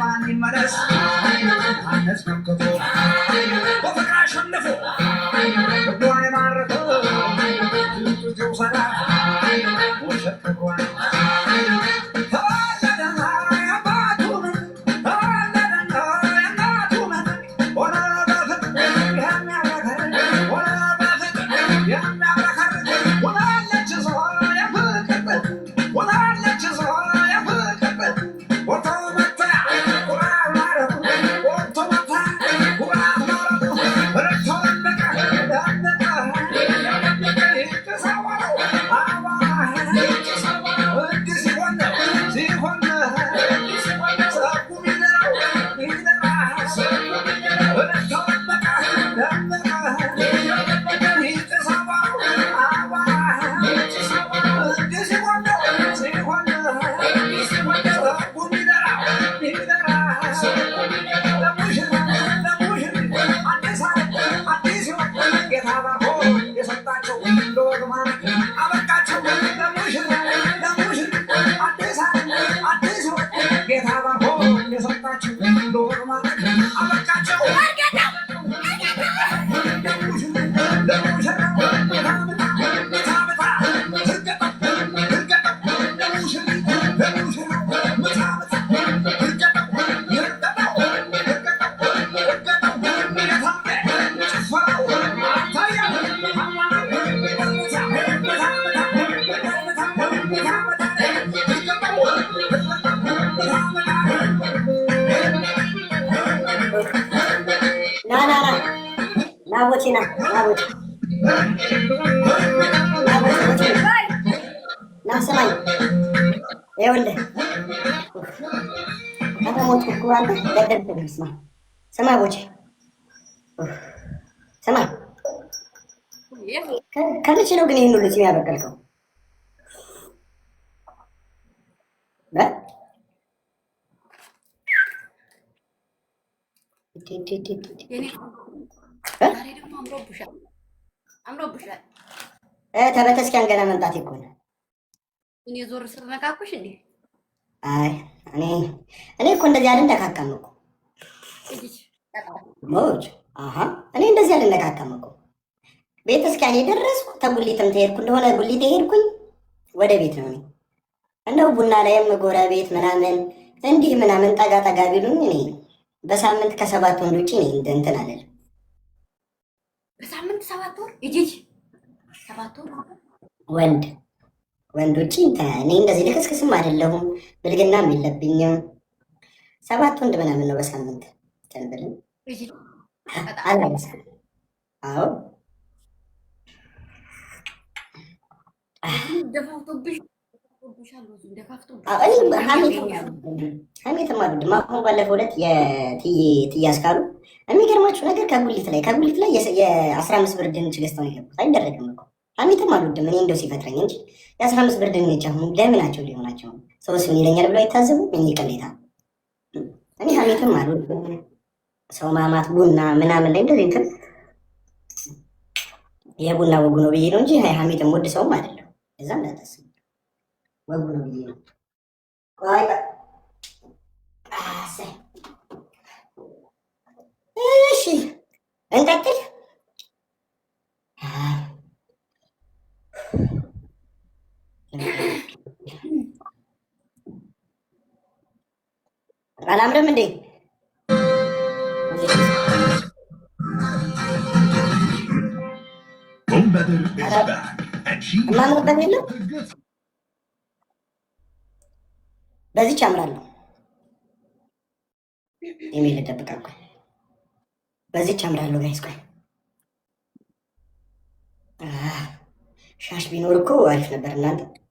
ማን ይመለስ? አንስ መንክቶ በፍቅር አሸንፎ what? ላቦቲና ላቦቲ ስማ ቦቼ ስማ፣ ከመቼ ነው ግን ይህን ሁሉ ፂም ያበቀልከው? ተቤተክርስቲያን ገና መምጣት ይኮነ እኔ ዞር ስነካኩሽ እንዴ? አይ እኔ እኔ እኮ እንደዚህ እኮ አሀ እኔ እንደዚህ እኮ ቤተ የደረስኩ ተጉሊትም ተሄድኩ እንደሆነ ጉሊት የሄድኩኝ ወደ ቤት ነው። እንደው ቡና ላይም ጎረቤት ምናምን እንዲህ ምናምን ጠጋ ጠጋ ቢሉኝ እኔ በሳምንት ከሰባት ወንድ ውጭ እኔ እንትን አለልም። በሳምንት ሰባት ወር እጅጅ ሰባት ወር ወንድ ወንድ ውጭ እኔ እንደዚህ ልክስክስም አይደለሁም፣ ብልግናም የለብኝም። ሰባት ወንድ ምናምን ነው በሳምንት ተንብልን አላሳ አዎ ሀሜትም አልወድም። አሁን ባለፈው ዕለት ትያዝ ካሉ የሚገርማችሁ ነገር ከጉሊት ላይ ከጉሊት ላይ የአስራ አምስት ብር ድንች ገዝተው ነው የገቡት። አይደረግም እኮ ሀሜትም አልወድም። እኔ እንደው ሲፈጥረኝ እንጂ የአስራ አምስት ብር ድንች አሁን ለምናቸው ሊሆናቸው ሰው ስም ይለኛል ብሎ አይታዘቡ እኔ ቅሌታ እኔ ሀሜትም አልወድም። ሰው ማማት ቡና ምናምን ላይ እንደዚህ እንትን የቡና ወጉ ነው ብዬ ነው እንጂ ሀሜትም ወድ ሰውም አይደለም። እዛ እንዳታስብ webinar video. Right. Passa. Ah Entra aqui. Alam mending. Bombader is back and she በዚች አምራለሁ። ኢሜል ደብቃ ቆይ፣ በዚች አምራለሁ ጋይስ። ቆይ ሻሽ ቢኖር እኮ አሪፍ ነበር እናንተ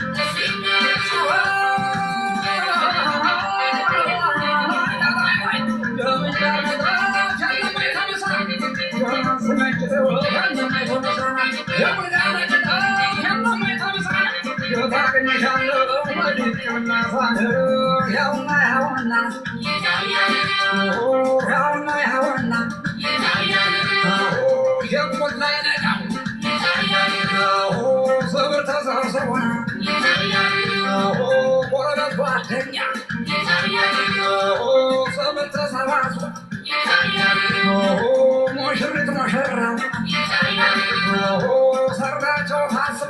ሙሽሪት ሙሽራው ሰራቸው ታስቦ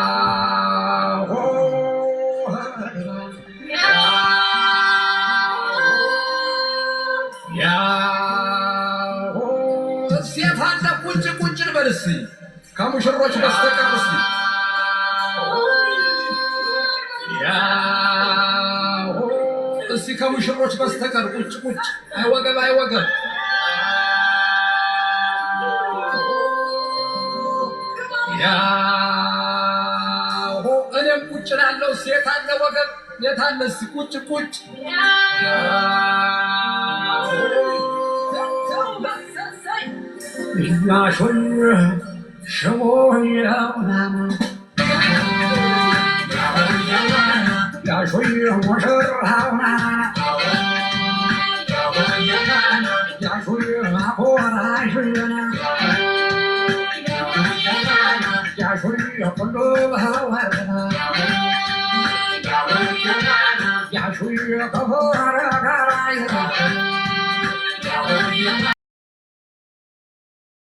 ሴት አለ ቁንጭ ቁጭ ልበል እስኪ ከሙሽሮች በስተቀር እስኪ እስቲ ከሙሽሮች በስተቀር ቁጭ ቁጭ አይወገብ አይወገብ ያሆ እኔም ቁጭ ላለው ሴት አለ ወገብ የታለ እስኪ ቁጭ ቁጭ 呀水是我娘啊，呀水我是好男，呀水我过得还是，呀水我过得好啊，呀水我过得可来劲啊。